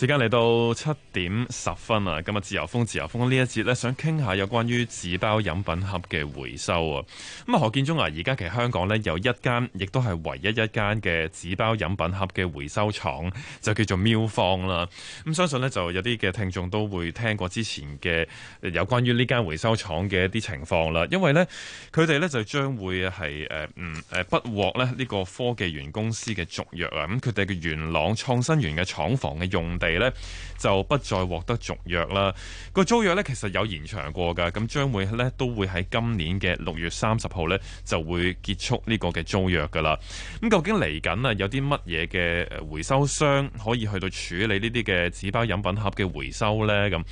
時間嚟到七點十分啊！咁啊，自由風自由風呢一節呢，想傾下有關於紙包飲品盒嘅回收啊！咁啊，何建中啊，而家其實香港呢，有一間，亦都係唯一一間嘅紙包飲品盒嘅回收廠，就叫做喵坊啦。咁相信呢就有啲嘅聽眾都會聽過之前嘅有關於呢間回收廠嘅一啲情況啦。因為呢，佢哋呢就將會係誒，嗯，誒不獲呢呢個科技園公司嘅續約啊！咁佢哋嘅元朗創新園嘅廠房嘅用地。咧就不再獲得續約啦。個租約呢，其實有延長過㗎，咁將會呢，都會喺今年嘅六月三十號呢，就會結束呢個嘅租約㗎啦。咁究竟嚟緊啊有啲乜嘢嘅回收商可以去到處理呢啲嘅紙包飲品盒嘅回收呢？咁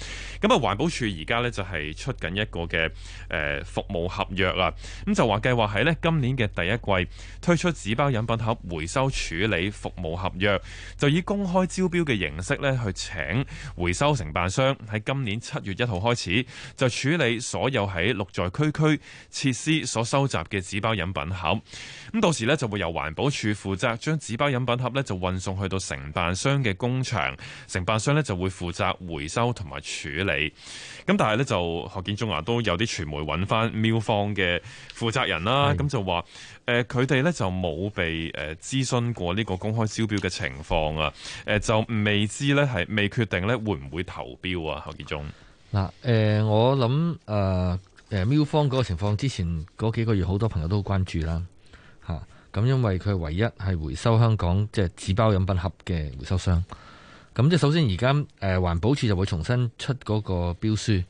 咁啊，環保署而家呢，就係出緊一個嘅誒服務合約啊。咁就話計劃喺咧今年嘅第一季推出紙包飲品盒回收處理服務合約，就以公開招標嘅形式咧。去請回收承辦商喺今年七月一號開始就處理所有喺綠在區區設施所收集嘅紙包飲品盒，咁到時呢，就會由環保署負責將紙包飲品盒呢，就運送去到承辦商嘅工場，承辦商呢，就會負責回收同埋處理。咁但係呢，就何建中啊都有啲傳媒揾翻妙方嘅負責人啦，咁的就話。誒，佢哋咧就冇被誒諮詢過呢個公開招標嘅情況啊。誒，就未知咧，係未決定咧，會唔會投標啊？何建忠嗱，誒、呃，我諗誒，誒、呃，喵方嗰個情況之前嗰幾個月好多朋友都關注啦嚇。咁、啊、因為佢唯一係回收香港即係紙包飲品盒嘅回收商。咁即係首先而家，誒環保署就會重新出嗰個標書。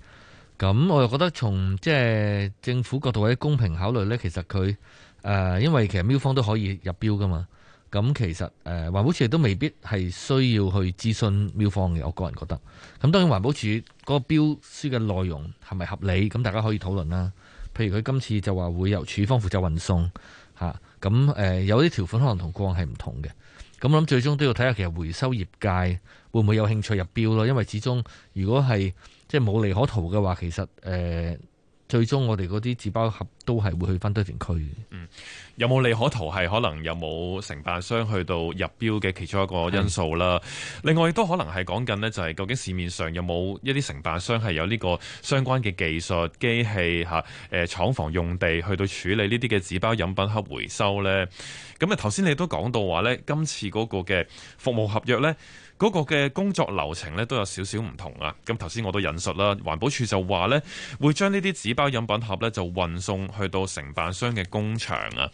咁、啊、我又覺得從即係、就是、政府角度或者公平考慮咧，其實佢。誒、呃，因為其實喵方都可以入標㗎嘛，咁其實誒環、呃、保署亦都未必係需要去諮詢喵方嘅，我個人覺得。咁當然環保署嗰個標書嘅內容係咪合理，咁大家可以討論啦。譬如佢今次就話會由署方負責運送，吓、啊，咁誒、呃、有啲條款可能同過往係唔同嘅。咁我諗最終都要睇下，其實回收業界會唔會有興趣入標咯，因為始終如果係即係冇利可圖嘅話，其實誒。呃最終我哋嗰啲紙包盒都係會去翻堆填區嘅。嗯，有冇利可圖係可能有冇承辦商去到入標嘅其中一個因素啦。是的 另外亦都可能係講緊呢，就係究竟市面上有冇一啲承辦商係有呢個相關嘅技術、機器吓、誒、啊、呃、廠房用地去到處理呢啲嘅紙包飲品盒回收呢？咁啊，頭先你都講到話呢，今次嗰個嘅服務合約呢。嗰個嘅工作流程咧都有少少唔同啊！咁頭先我都引述啦，環保署就話呢會將呢啲紙包飲品盒呢就運送去到承辦商嘅工場啊，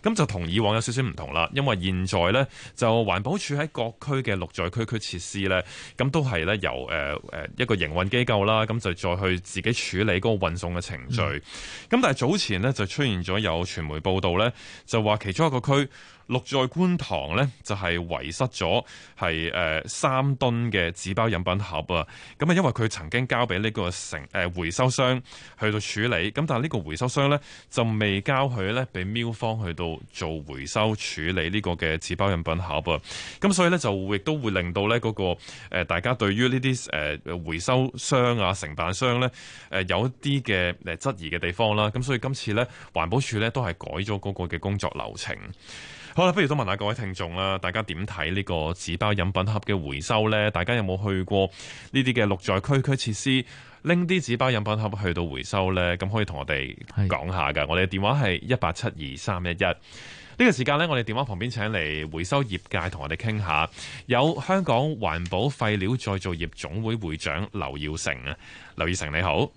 咁就同以往有少少唔同啦，因為現在呢，就環保署喺各區嘅綠在區區設施呢，咁都係呢由誒、呃、一個營運機構啦，咁就再去自己處理嗰個運送嘅程序。咁、嗯、但係早前呢，就出現咗有傳媒報導呢，就話其中一個區，六在觀塘呢，就係遺失咗係誒三噸嘅紙包飲品盒啊。咁啊，因為佢曾經交俾呢個成回收商去到處理，咁但係呢個回收商呢，就未交佢呢俾喵方去到做回收處理呢個嘅紙包飲品盒啊。咁所以呢，就亦都會令到呢嗰個大家對於呢啲回收商啊、承辦商呢，誒有一啲嘅誒質疑嘅地方啦。咁所以今次呢，環保署呢，都係改咗嗰個嘅工作流程。好啦，不如都問下各位聽眾啦，大家點睇呢個紙包飲品盒嘅回收呢？大家有冇去過呢啲嘅綠在區區設施拎啲紙包飲品盒去到回收呢？咁可以同我哋講下噶。的我哋嘅電話係一八七二三一一。呢、呢個時間呢，我哋電話旁邊請嚟，回收業界同我哋傾下。有香港環保廢料再造業總會會，會長劉耀成啊，劉耀成你好，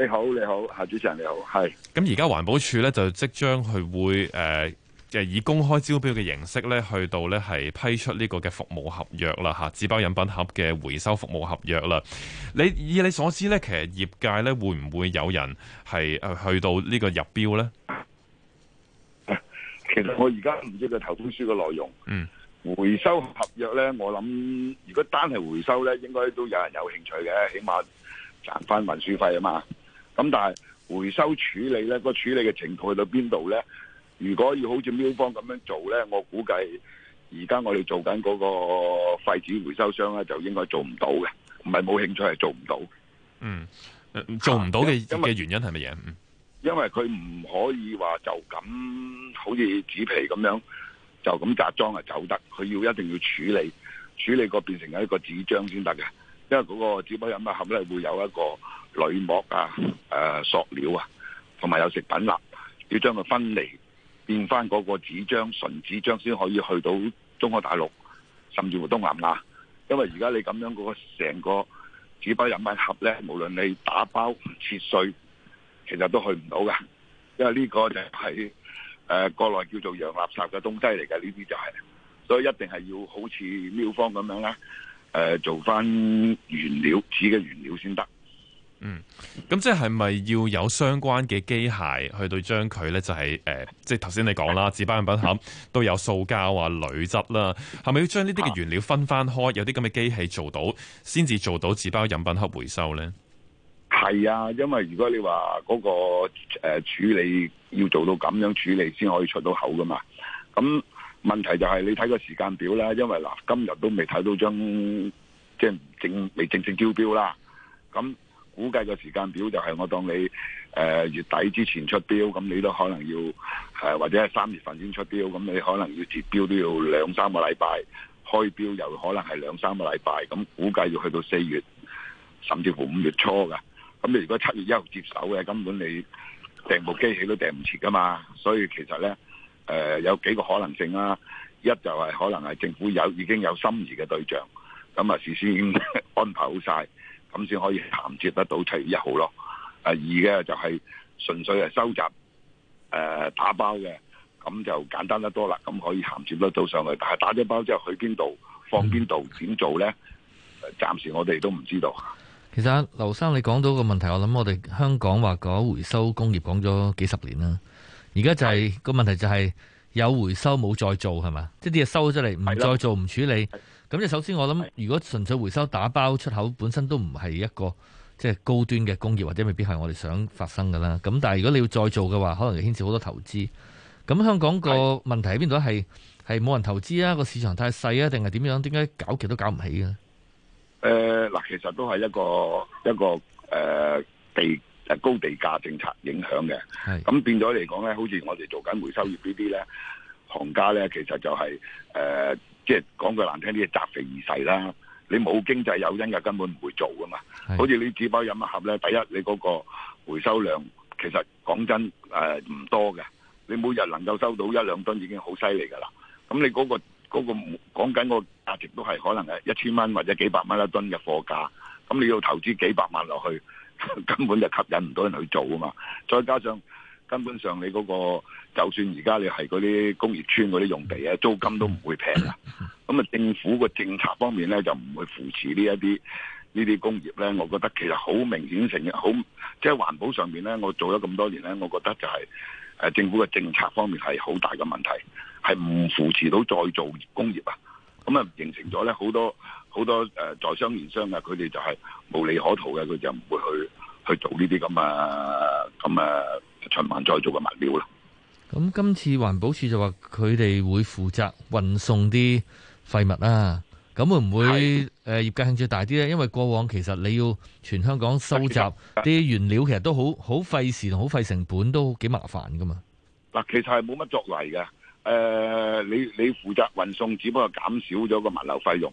你好，你好你好，夏主席你好，係。咁而家環保署呢，就即將去會誒。呃以公開招標嘅形式咧，去到咧係批出呢個嘅服務合約啦嚇，紙包飲品盒嘅回收服務合約啦。你以你所知呢，其實業界咧會唔會有人係去到呢個入標呢？其實我而家唔知個投標書嘅內容。嗯，回收合約呢，我諗如果單係回收呢，應該都有人有興趣嘅，起碼賺翻運輸費啊嘛。咁但係回收處理呢個處理嘅程度去到邊度呢？如果要好似喵方咁樣做咧，我估計而家我哋做緊嗰個廢紙回收箱咧，就應該做唔到嘅，唔係冇興趣，係做唔到。嗯，做唔到嘅嘅原因係乜嘢？因為佢唔可以話就咁好似紙皮咁樣就咁雜裝啊走得，佢要一定要處理，處理過變成一個紙張先得嘅。因為嗰個紙包飲品盒咧會有一個鋁膜啊、塑、呃、料啊，同埋有，有食品粒，要將佢分離。變翻嗰個紙張純紙張先可以去到中國大陸，甚至乎東南亞，因為而家你咁樣嗰個成個紙包飲品盒咧，無論你打包切碎，其實都去唔到噶，因為呢個就係、是、誒、呃、國內叫做洋垃圾嘅東西嚟嘅，呢啲就係、是，所以一定係要好似喵坊咁樣啦，誒、呃、做翻原料，紙嘅原料先得。嗯，咁即係係咪要有相關嘅機械去到將佢呢？就係、是、誒、呃，即係頭先你講啦，紙包飲品盒都有塑膠啊、鋁質啦，係咪要將呢啲嘅原料分返開，有啲咁嘅機器做到，先至做到紙包飲品盒回收呢？係啊，因為如果你話嗰、那個誒、呃、處理要做到咁樣處理，先可以出到口噶嘛。咁問題就係你睇個時間表啦，因為嗱、呃，今日都未睇到張即係正未正式招標啦，咁。估計個時間表就係我當你誒、呃、月底之前出標，咁你都可能要誒、呃，或者係三月份先出標，咁你可能要截標都要兩三個禮拜，開標又可能係兩三個禮拜，咁估計要去到四月，甚至乎五月初㗎。咁你如果七月一號接手嘅，根本你訂部機器都訂唔切㗎嘛。所以其實咧，誒、呃、有幾個可能性啦、啊。一就係可能係政府有已經有心儀嘅對象，咁啊事先安排好晒。咁先可以銜接得到，七月一號咯，啊二嘅就係純粹係收集、誒打包嘅，咁就簡單得多啦。咁可以銜接得到上去，但係打咗包之後去邊度放邊度，點做呢？暫時我哋都唔知道。其實劉生你講到個問題，我諗我哋香港話講回收工業講咗幾十年啦，而家就係個問題就係有回收冇再做係嘛？即啲嘢收咗出嚟唔再做唔處理。咁即係首先，我諗如果純粹回收打包出口，本身都唔係一個即係高端嘅工業，或者未必係我哋想發生嘅啦。咁但係如果你要再做嘅話，可能牽涉好多投資。咁香港個問題喺邊度咧？係係冇人投資啊，個市場太細啊，定係點樣？點解搞極都搞唔起嘅？誒嗱，其實都係一個一個誒地誒高地價政策影響嘅。係咁變咗嚟講咧，好似我哋做緊回收業呢啲咧行家咧，其實就係誒。即係講句難聽啲，雜肥二世啦！你冇經濟有因嘅，根本唔會做噶嘛。係嘅。好似你紙包飲一盒咧，第一你嗰個回收量其實講真誒唔、呃、多嘅，你每日能夠收到一兩噸已經好犀利㗎啦。咁你嗰個嗰個講緊個價值都係可能係一千蚊或者幾百蚊一噸嘅貨價，咁你要投資幾百萬落去，根本就吸引唔到人去做啊嘛。再加上，根本上你嗰、那個，就算而家你係嗰啲工業村嗰啲用地啊，租金都唔會平啊。咁啊，政府個政策方面咧就唔會扶持呢一啲呢啲工業咧。我覺得其實好明顯成日好，即係、就是、環保上面咧，我做咗咁多年咧，我覺得就係、是、誒、啊、政府嘅政策方面係好大嘅問題，係唔扶持到再造工業啊。咁啊，形成咗咧好多好多誒、呃、在商言商啊，佢哋就係無利可圖嘅，佢就唔會去去做呢啲咁啊咁啊。循環再造嘅物料啦。咁今次環保署就話佢哋會負責運送啲廢物啦、啊。咁會唔會誒業界興趣大啲咧？因為過往其實你要全香港收集啲原料，其實都好好費時同好費成本，都幾麻煩噶嘛。嗱，其實係冇乜作為嘅。誒、呃，你你負責運送，只不過減少咗個物流費用，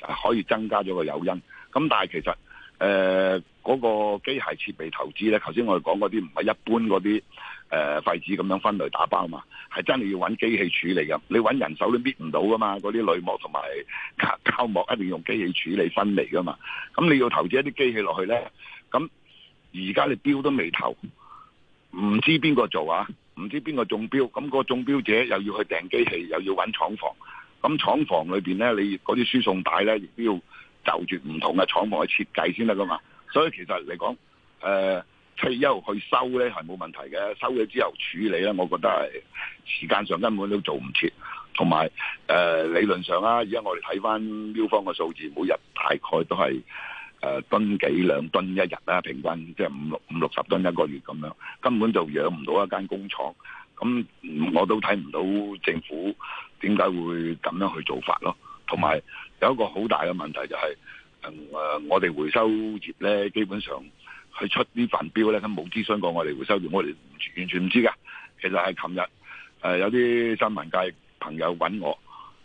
就可以增加咗個誘因。咁但係其實。誒，嗰、呃嗰個機械設備投資咧，頭先我哋講嗰啲唔係一般嗰啲誒廢紙咁樣分類打包嘛，係真係要搵機器處理噶。你搵人手都搣唔到噶嘛，嗰啲鋁膜同埋膠膜一定要用機器處理分離噶嘛。咁你要投資一啲機器落去咧，咁而家你標都未投，唔知邊個做啊？唔知邊個中標，咁、個中標者又要去訂機器，又要搵廠房。咁廠房裏邊咧，你嗰啲輸送帶咧，亦都要。就住唔同嘅廠房去設計先得㗎嘛，所以其實嚟講，誒廢油去收咧係冇問題嘅，收咗之後處理咧，我覺得係時間上根本都做唔切，同埋誒理論上啦、啊，而家我哋睇返標方嘅數字，每日大概都係誒、呃、噸幾兩噸一日啦、啊，平均即係五六五六十噸一個月咁樣，根本就養唔到一間工廠，咁我都睇唔到政府點解會咁樣去做法咯，同埋。有一個好大嘅問題就係、是、誒、呃，我哋回收業咧，基本上佢出啲份標咧，都冇諮詢過我哋回收業，我哋完全唔知噶。其實係琴日誒，有啲新聞界朋友揾我，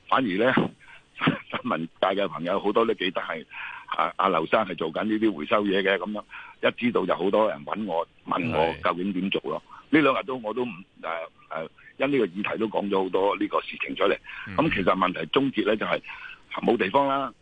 反而咧新聞界嘅朋友好多都記得係阿阿劉生係做緊呢啲回收嘢嘅，咁、嗯、樣一知道就好多人揾我問我究竟點做咯。呢兩日都我都唔誒誒，因呢個議題都講咗好多呢個事情出嚟。咁、嗯、其實問題終結咧就係、是。冇地方啦，誒、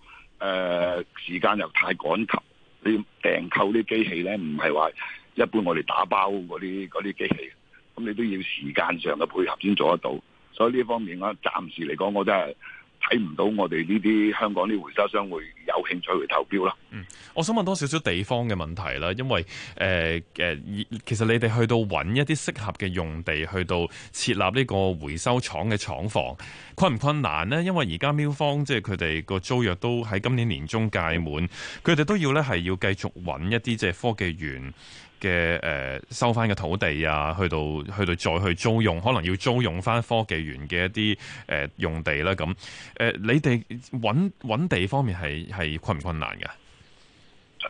呃、時間又太趕，及你訂購啲機器呢，唔係話一般我哋打包嗰啲啲機器，咁你都要時間上嘅配合先做得到，所以呢方面我、啊、暫時嚟講，我真係睇唔到我哋呢啲香港啲回收商會有興趣去投標啦。嗯，我想問多少少地方嘅問題啦，因為誒誒、呃，其實你哋去到揾一啲適合嘅用地去到設立呢個回收廠嘅廠房，困唔困難呢？因為而家喵方即係佢哋個租約都喺今年年中屆滿，佢哋都要呢係要繼續揾一啲即係科技園。嘅誒收翻嘅土地啊，去到去到再去租用，可能要租用翻科技園嘅一啲誒、呃、用地啦。咁誒、呃，你哋揾揾地方面係係困唔困難噶誒、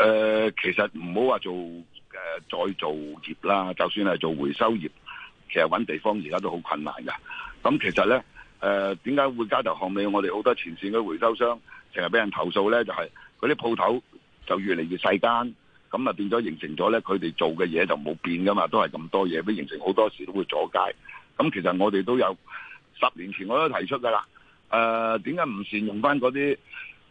呃？其實唔好話做誒、呃、再造業啦，就算係做回收業，其實揾地方而家都好困難噶。咁其實咧誒，點、呃、解會加頭巷尾？我哋好多前線嘅回收商成日俾人投訴咧，就係嗰啲鋪頭就越嚟越細間。咁啊，就變咗形成咗咧，佢哋做嘅嘢就冇變噶嘛，都係咁多嘢，都形成好多時都會阻街。咁其實我哋都有十年前我都提出噶啦。誒、呃，點解唔善用翻嗰啲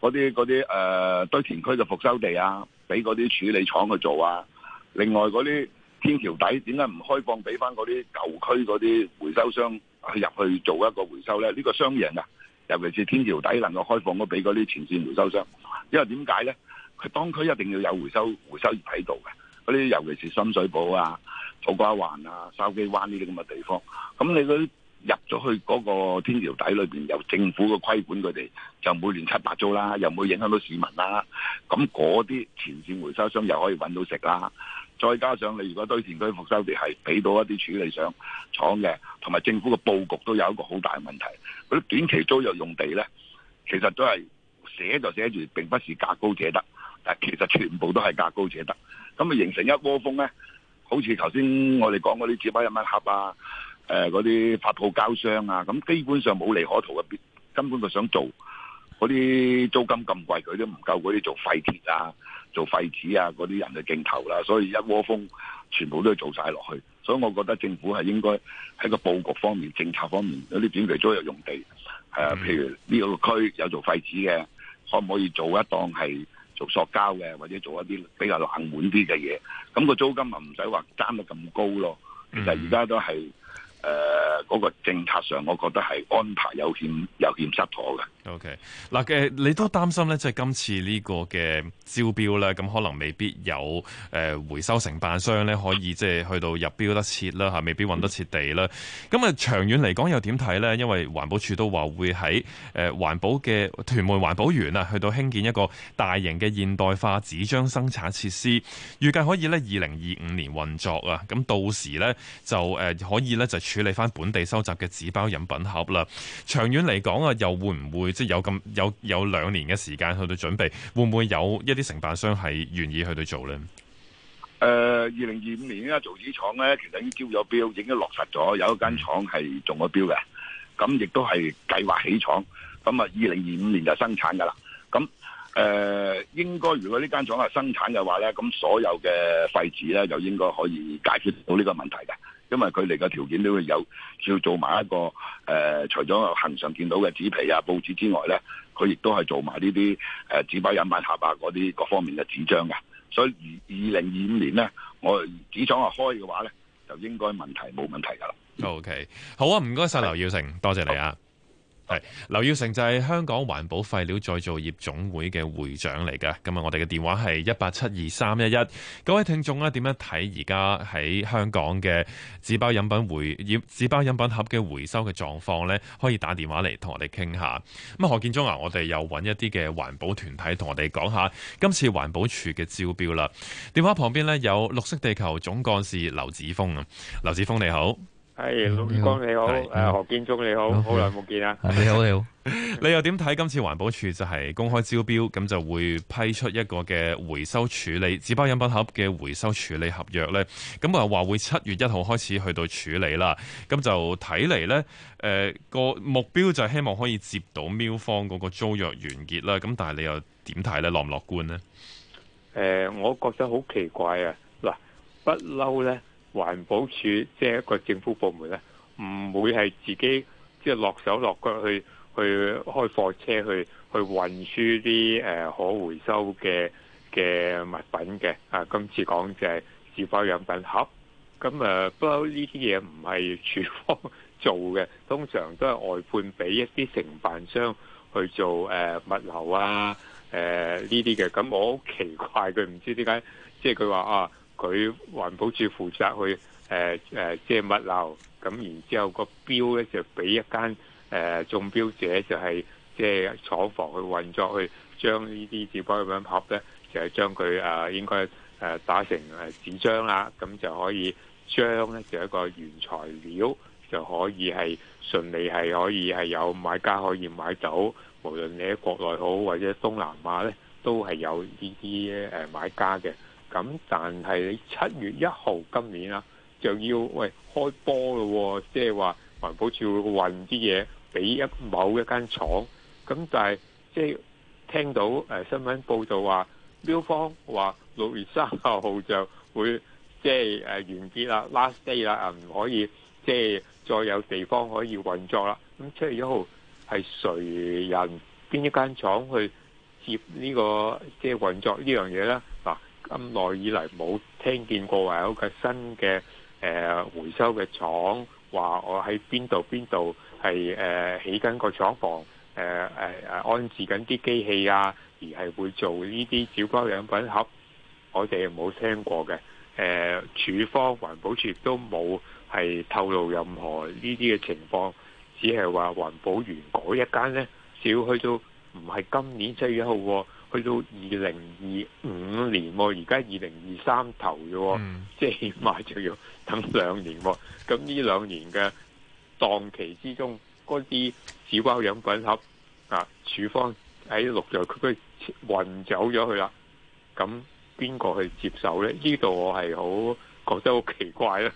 啲啲誒堆填區嘅復收地啊，俾嗰啲處理廠去做啊？另外嗰啲天橋底點解唔開放俾翻嗰啲舊區嗰啲回收商去入去做一個回收咧？呢、呢個雙贏啊！尤其是天橋底能夠開放咗俾嗰啲前線回收商，因為點解咧？佢當區一定要有回收回收業喺度嘅，嗰啲尤其是深水埗啊、土瓜灣啊、筲箕灣呢啲咁嘅地方，咁你嗰啲入咗去嗰個天橋底裏邊，由政府嘅規管佢哋，就唔會亂七八糟啦，又唔會影響到市民啦，咁嗰啲前線回收商又可以揾到食啦。再加上你如果堆填區復收地係俾到一啲處理上廠廠嘅，同埋政府嘅佈局都有一個好大問題。嗰啲短期租約用地呢，其實都係寫就寫住，並不是價高者得。其實全部都係價高者得，咁啊形成一窩蜂咧，好似頭先我哋講嗰啲紙包飲品盒啊，誒嗰啲發泡膠箱啊，咁基本上冇利可圖嘅，根本就想做嗰啲租金咁貴，佢都唔夠嗰啲做廢鐵啊、做廢紙啊嗰啲人嘅競投啦，所以一窩蜂全部都做晒落去，所以我覺得政府係應該喺個佈局方面、政策方面有啲短期租約用地，誒、啊、譬如呢個區有做廢紙嘅，可唔可以做一檔係，做塑膠嘅，或者做一啲比較冷門啲嘅嘢，咁個租金咪唔使話爭得咁高咯。其實而家都係。誒，嗰個政策上，我覺得係安排有欠有欠失妥嘅。OK，嗱，誒，你都擔心咧，即係今次呢個嘅招標咧，咁可能未必有誒回收承辦商咧，可以即係去到入標得切啦，吓，未必搵得切地啦。咁啊，長遠嚟講又點睇咧？因為環保署都話會喺誒環保嘅屯門環保園啊，去到興建一個大型嘅現代化紙張生產設施，預計可以咧二零二五年運作啊。咁到時咧就誒可以咧就。處理翻本地收集嘅紙包飲品盒啦，長遠嚟講啊，又會唔會即係有咁有有兩年嘅時間去到準備，會唔會有一啲承辦商係願意去到做呢？誒、呃，二零二五年啊，造紙廠咧其實已經招咗標，已經落實咗，有一間廠係中咗標嘅，咁亦都係計劃起廠，咁啊二零二五年就生產噶啦，咁誒、呃、應該如果呢間廠係生產嘅話咧，咁所有嘅廢紙咧就應該可以解決到呢個問題嘅。因為佢哋嘅條件都會有要做埋一個誒、呃，除咗行上見到嘅紙皮啊、報紙之外咧，佢亦都係做埋呢啲誒紙包、飲品盒啊嗰啲各方面嘅紙張嘅。所以二二零二五年咧，我紙廠啊開嘅話咧，就應該問題冇問題噶啦。OK，好啊，唔該晒劉耀成，的多謝你啊。係劉耀成就係香港環保廢料再造業總會嘅會長嚟嘅，咁啊我哋嘅電話係一八七二三一一，各位聽眾啊，點樣睇而家喺香港嘅紙包飲品回業紙包飲品盒嘅回收嘅狀況呢？可以打電話嚟同我哋傾下。咁何建忠啊，我哋又揾一啲嘅環保團體同我哋講下今次環保署嘅招標啦。電話旁邊呢，有綠惜地球總幹事劉祉峰啊，劉祉峰你好。係老如光你好。誒，何建忠你好，你好耐冇見啊你好！你好，你好，好你好，你，好 你又點睇今次環保署就係公開招標，咁就會批出一個嘅回收處理紙包飲品盒嘅回收處理合約咧？咁，啊話會七月一號開始去到處理啦。咁就睇嚟咧，誒、呃、個目標就係希望可以接到喵坊嗰個租約完結啦。咁但係你又點睇咧？樂唔樂觀呢？誒、呃，我覺得好奇怪啊！嗱，不嬲咧。環保署即係一個政府部門咧，唔會係自己即係落手落腳去去開貨車去去運輸啲誒可回收嘅嘅物品嘅。啊，今次講就係紙包飲品盒。咁誒，啊、這些東西，不過呢啲嘢唔係署方做嘅，通常都係外判俾一啲承辦商去做誒、啊、物流啊誒呢啲嘅。咁、啊、我好奇怪佢唔知點解，即係佢話啊。佢環保署負責去誒誒，即、呃、係、啊就是、物流，咁然之後個標咧就俾一間誒、呃、中標者、就是，就係即係廠房去運作，去將呢啲紙包咁樣拍咧，就係、是、將佢啊應該誒打成誒紙張啦，咁就可以將咧就一個原材料就可以係順利係可以係有買家可以買到，無論你喺國內好或者東南亞咧，都係有呢啲誒買家嘅。咁，但係七月一號今年啦、啊，就要喂開波咯、哦，即係話環保署會運啲嘢俾一某一間廠。咁但係即係聽到新聞報道話，標方話六月三十號就會即係、就是、完結啦，last day 啦，唔可以即係、就是、再有地方可以運作啦。咁七月一號係誰人邊一間廠去接呢、這個即係、就是、運作呢樣嘢咧嗱？咁耐以嚟冇聽見過話有個新嘅、呃、回收嘅廠話我喺邊度邊度係起緊個廠房、呃呃、安置緊啲機器啊，而係會做呢啲紙包飲品盒，我哋冇聽過嘅。誒、呃，署方環保署都冇係透露任何呢啲嘅情況，只係話環保園嗰一間呢，要去到唔係今年七月一號喎。去到二零二五年喎，而家二零二三頭嘅，嗯、即係起碼就要等兩年。咁呢兩年嘅檔期之中，嗰啲紙包飲品盒啊處方喺陸兆區運走咗去啦。咁邊個去接手咧？呢度我係好覺得好奇怪啦。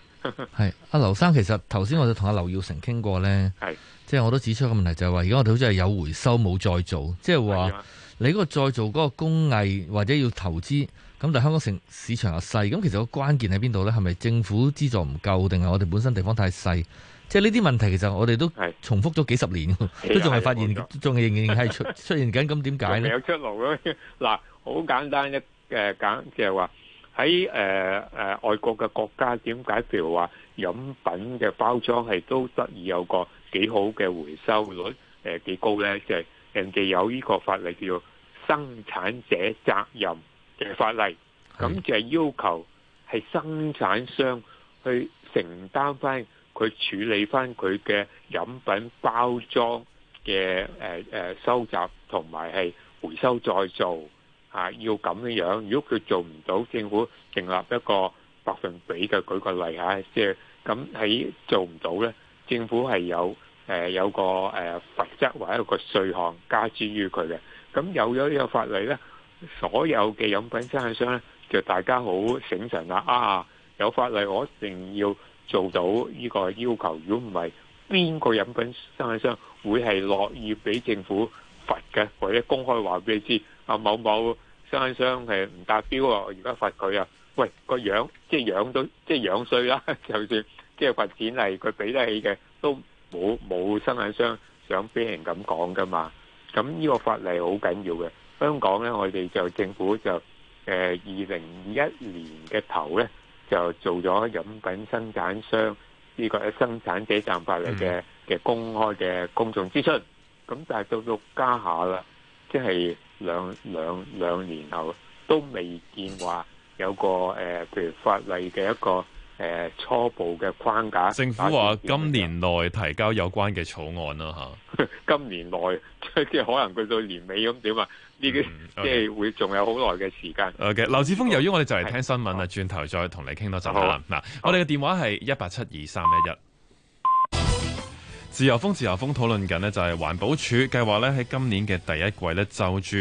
係阿劉生，其實頭先我就同阿劉耀成傾過咧，係即係我都指出個問題就係話，而家我哋好似係有回收冇再做，即係話。你嗰個再做嗰個工藝或者要投資，咁但係香港成市場又細，咁其實個關鍵喺邊度咧？係咪政府資助唔夠，定係我哋本身地方太細？即係呢啲問題，其實我哋都係重複咗幾十年，都仲係發現，仲仍然係出現緊。咁點解咧？有出路咯？嗱，好簡單嘅誒，簡即係話喺誒誒外國嘅國家，點解譬如話飲品嘅包裝係都得以有個幾好嘅回收率，誒幾高咧？即係人哋有呢個法例叫做。生產者責任嘅法例，咁就係要求係生產商去承擔翻佢處理翻佢嘅飲品包裝嘅誒誒收集同埋係回收再做嚇，要咁嘅樣。如果佢做唔到，政府成立一個百分比嘅，舉個例嚇，即係咁喺做唔到咧，政府係有誒有個誒罰則或者一個稅項加諸於佢嘅。咁有咗呢個法例呢，所有嘅飲品生產商呢就大家好醒神啦！啊，有法例我一定要做到呢個要求。如果唔係，邊個飲品生產商會係樂意俾政府罰嘅？或者公開話俾你知啊，某某生產商係唔達標啊，而家罰佢啊？喂，個樣即係樣到即係樣衰啦，就算即係罰錢嚟，佢俾得起嘅都冇冇生產商想俾人咁講噶嘛？咁呢個法例好緊要嘅，香港咧，我哋就政府就誒二零二一年嘅頭咧，就做咗飲品生產商呢個生產者站法例嘅嘅公開嘅公眾諮詢。咁但係到到家下啦，即係兩兩兩年後都未見話有個誒，譬如法例嘅一個。誒，初步嘅框架，政府話今年內提交有關嘅草案啦，吓、嗯。 今年內即係可能去到年尾咁點啊？呢啲即係會仲有好耐嘅時間。OK，劉祉峰，由於我哋就嚟聽新聞啦，轉頭對再同你傾多陣啦。嗱好，好我哋嘅電話係一八七二三一一。自由風，自由風討論緊呢就係環保署計劃呢喺今年嘅第一季呢，就住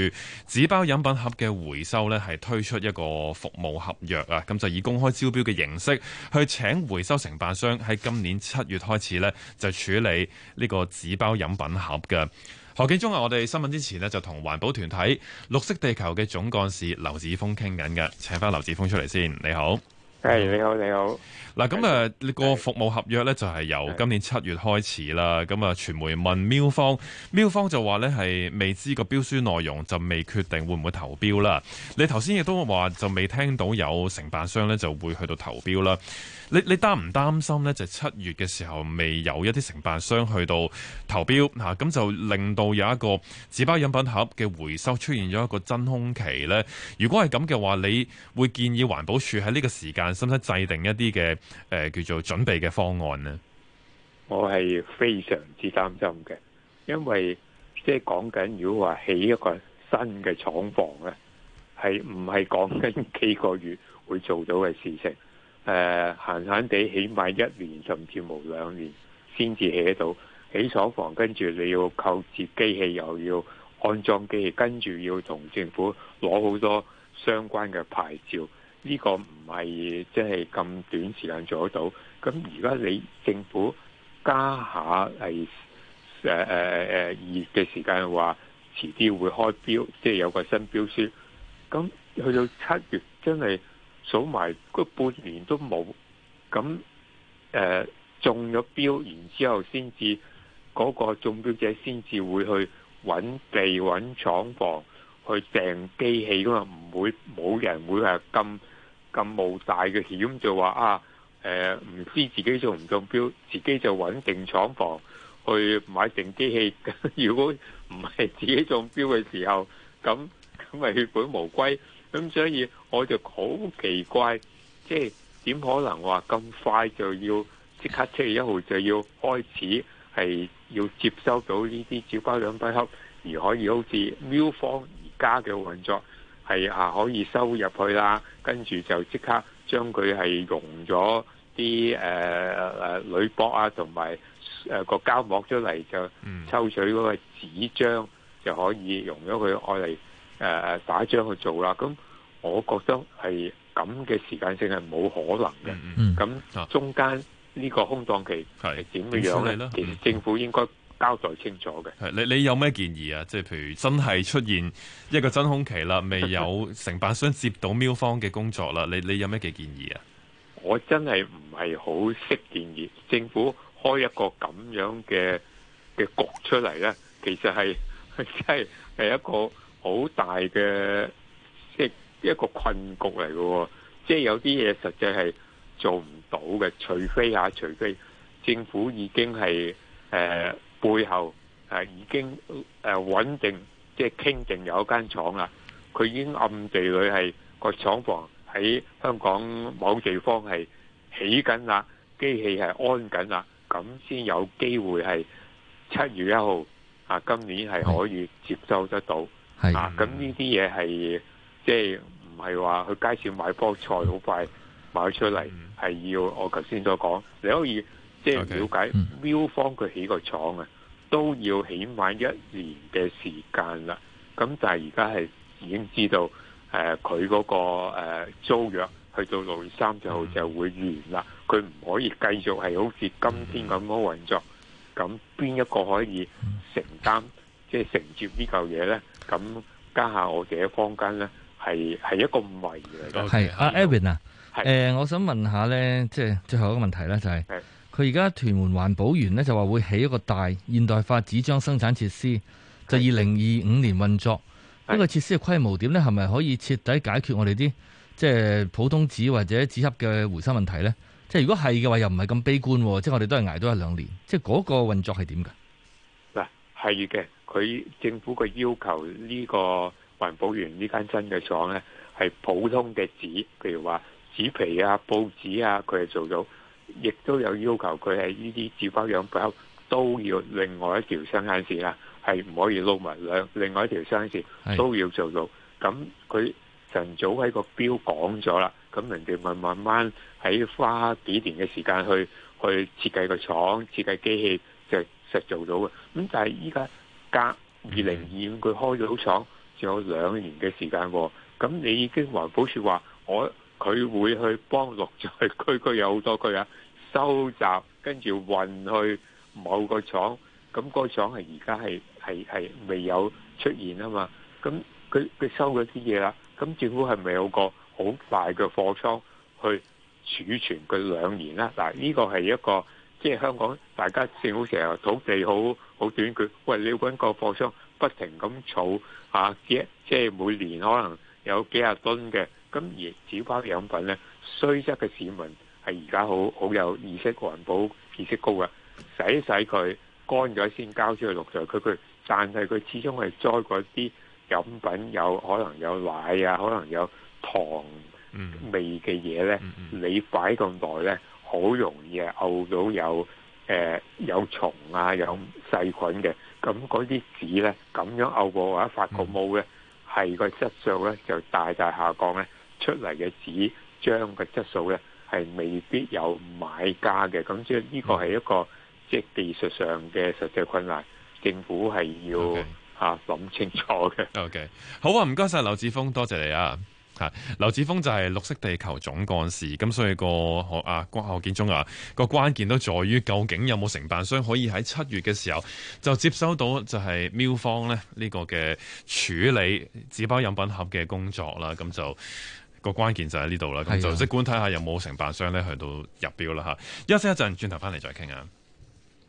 紙包飲品盒嘅回收呢係推出一個服務合約啊！咁就以公開招標嘅形式去請回收承辦商，喺今年七月開始呢，就處理呢個紙包飲品盒嘅。何建中啊，我哋新聞之前呢，就同環保團體綠惜地球嘅總幹事劉祉峰傾緊嘅，請返劉祉峰出嚟先，你好。係，你好，你好。嗱，咁啊，呢個服務合約呢，就係由今年七月開始啦。咁啊，傳媒問喵方，喵方就話呢係未知個標書內容，就未決定會唔會投標啦。你頭先亦都話就未聽到有承辦商呢就會去到投標啦。你你擔唔擔心呢？就七月嘅時候未有一啲承辦商去到投標，嚇咁就令到有一個紙包飲品盒嘅回收出現咗一個真空期呢。如果係咁嘅話，你會建議環保署喺呢個時間，使唔使制定一啲嘅誒叫做準備嘅方案呢？我係非常之擔心嘅，因為即係講緊如果話起一個新嘅廠房呢，係唔係講緊幾個月會做到嘅事情？誒、呃、閒閒地，起碼一年甚至無兩年先至起得到起廠房，跟住你要購置機器，又要安裝機器，跟住要同政府攞好多相關嘅牌照。呢、呢個唔係即係咁短時間做得到。咁而家你政府加下係誒誒二月嘅時間話，遲啲會開標，即係有個新標書。咁去到七月真係。數埋個半年都冇，咁誒中咗標，然之後先至嗰個中標者先至會去揾地揾廠房去訂機器噶嘛，唔會冇人會係咁咁冒大嘅險就話啊，誒唔知自己中唔中標，自己就揾定廠房去買定機器。如果唔係自己中標嘅時候，咁咁咪血本無歸。咁所以我就好奇怪，即係點可能話咁快就要即刻七月一號就要開始係要接收到呢啲紙包兩包盒，而可以好似 Miu 方而家嘅運作係啊可以收入去啦，跟住就即刻將佢係融咗啲誒誒鋁箔啊同埋誒個膠膜出嚟就抽取嗰個紙張就可以融咗佢愛嚟。誒打仗去做啦，咁我覺得係咁嘅時間性係冇可能嘅。咁、嗯、中間呢個空檔期係點嘅樣咧？其實政府應該交代清楚嘅。係，你你有咩建議啊？即係譬如真係出現一個真空期啦，未有承辦商接到僆方嘅工作啦，你你有咩嘅建議啊？ 我真係唔係好識建議政府開一個咁樣嘅嘅局出嚟咧，其實係係即係係一個。好大嘅即一個困局嚟喎，即有啲嘢實際係做唔到嘅，除非下，除非政府已經係誒、呃、背後誒已經誒穩定，即傾定有一間廠啦，佢已經暗地裏係個廠房喺香港某地方係起緊啦，機器係安緊啦，咁先有機會係七月一號啊，今年係可以接收得到。是啊，咁呢啲嘢係即係唔係話去街市買波菜好快買出嚟，係、嗯、要我頭先所講，你可以即係了解，標、嗯、方佢起個廠啊，都要起碼一年嘅時間啦。咁但係而家係已經知道，誒佢嗰個誒、啊、租約去到六月三十號就會完啦。佢唔、嗯、可以繼續係好似今天咁樣運作，咁邊、嗯、一個可以承擔即係承接呢嚿嘢咧？咁加下我哋嘅坊間咧，係係一個唔遺嘅。係阿 Evan 啊，誒的、呃，我想問下咧，即係最後一個問題咧、就是，就係佢而家屯門環保園咧，就話會起一個大現代化紙張生產設施，就二零二五年運作。的設呢個設施嘅規模點咧，係咪可以徹底解決我哋啲即係普通紙或者紙盒嘅回收問題咧？即係如果係嘅話，又唔係咁悲觀，即、就、係、是、我哋都係挨多一兩年。即係嗰個運作係點噶？係嘅，佢政府嘅要求呢個環保園呢間新嘅廠呢，係普通嘅紙，譬如話紙皮啊、報紙啊，佢係做到，亦都有要求佢喺呢啲紙包養包都要另外一條生產線啦，係唔可以撈埋兩另外一條生產線都要做到。咁佢晨早喺個標講咗啦，咁人哋咪慢慢喺花幾年嘅時間去去設計個廠、設計機器。實在做到嘅，咁就係依家隔二零二五，佢開咗廠，仲有兩年嘅時間了。咁你已經環保署話，我佢會去幫落咗去區區有好多區啊，收集跟住運去某個廠。咁、嗰個廠係而家係係係未有出現啊嘛。咁佢佢收咗啲嘢啦，咁政府係咪有個好大嘅貨倉去儲存佢兩年咧？嗱，呢個係一個。即係香港，大家政府成日土地好好短缺。喂，你揾個貨商不停咁儲、啊、即係每年可能有幾廿噸嘅。咁而紙包飲品咧，雖則嘅市民係而家好好有意識環保意識高嘅，洗一洗佢乾咗先交出去錄在佢佢。但係佢始終係栽嗰啲飲品，有可能有奶啊，可能有糖味嘅嘢咧，嗯嗯嗯、你擺咁耐咧。好容易啊！漚到有誒、呃、有蟲啊，有細菌嘅，咁嗰啲紙呢，咁樣漚過或者發個毛呢，係個、嗯、質素呢就大大下降呢，出嚟嘅紙張嘅質素呢係未必有買家嘅，咁即係呢個係一個、嗯、即係技術上嘅實際困難，政府係要嚇諗 Okay.、啊、清楚嘅。OK，好啊，唔該晒，劉祉峰，多謝你啊！啊！劉祉峰就係綠惜地球總幹事，咁所以、那個學啊郭學建忠啊、那個關鍵都在於究竟有冇承辦商可以喺七月嘅時候就接收到就係 m 方咧呢、這個嘅處理紙包飲品盒嘅工作啦，咁就、那個關鍵就喺呢度啦，咁就即管睇下有冇承辦商咧的去到入標啦吓。休息一陣，轉頭翻嚟再傾啊！